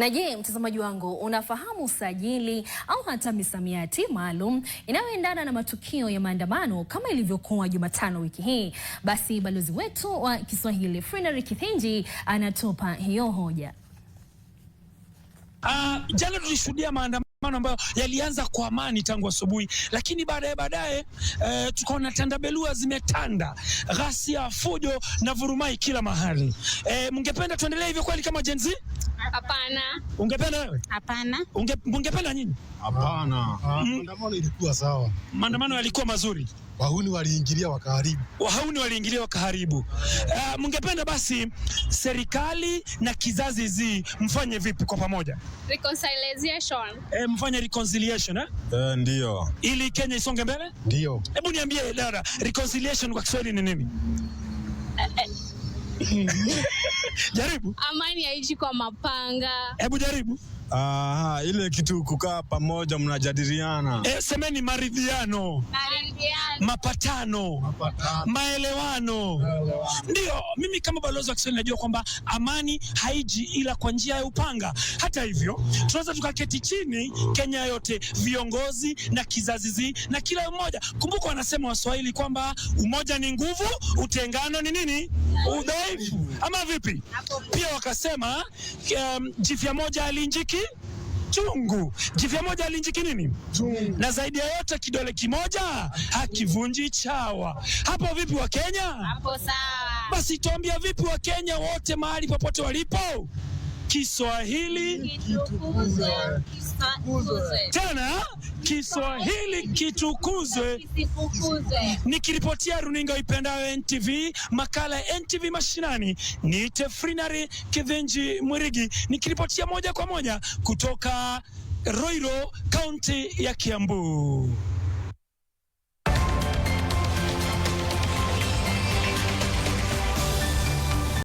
Na je, mtazamaji wangu unafahamu sajili au hata misamiati maalum inayoendana na matukio ya maandamano kama ilivyokuwa Jumatano wiki hii? Basi balozi wetu wa Kiswahili Frederick Kithinji anatupa hiyo hoja. Uh, jana tulishuhudia maandamano ambayo yalianza kwa amani tangu asubuhi, lakini baadaye baadaye e, tukaona tandabelua zimetanda, ghasia, fujo na vurumai kila mahali. E, mngependa tuendelee hivyo kweli kama Gen Z? Hapana. Ungependa wewe? Hapana. Unge, ungependa nyinyi? Hapana. Ah, mm. Maandamano ilikuwa sawa. Maandamano yalikuwa mazuri. Wahuni waliingilia wakaharibu. Wahuni waliingilia wakaharibu. Uh, mungependa basi serikali na kizazi zi mfanye vipi kwa pamoja? Reconciliation. Eh, mfanye reconciliation eh? Eh, ndio. Ili Kenya isonge mbele? Ndio. Hebu niambie Dara, reconciliation kwa Kiswahili ni nini? Eh, eh. Mm-hmm. jaribu. Amani haishi kwa mapanga. Hebu jaribu. Aha, ile kitu kukaa pamoja mnajadiliana. E, semeni maridhiano, maridhiano. Mapatano, mapatano, maelewano, maelewano. Ndio mimi kama balozi wa Kiswahili najua kwamba amani haiji ila kwa njia ya upanga. Hata hivyo tunaweza tukaketi chini Kenya yote viongozi na kizazi na kila mmoja. Kumbuka wanasema Waswahili kwamba umoja ni nguvu, utengano ni nini? Udhaifu ama vipi? Pia wakasema um, jifya moja alinjiki chungu jifya moja alinjiki nini chungu. Na zaidi ya yote kidole kimoja hakivunji chawa. Hapo vipi Kenya? Hapo sawa. Basi tuambia vipi wa kenya wote mahali popote walipo Kiswahili kitukuzwe, tena Kiswahili kitukuzwe. Nikiripotia runinga ipendayo NTV, makala ya NTV Mashinani, ni Tefrinari Kivenji Mwirigi nikiripotia moja kwa moja kutoka Roiro, kaunti ya Kiambu.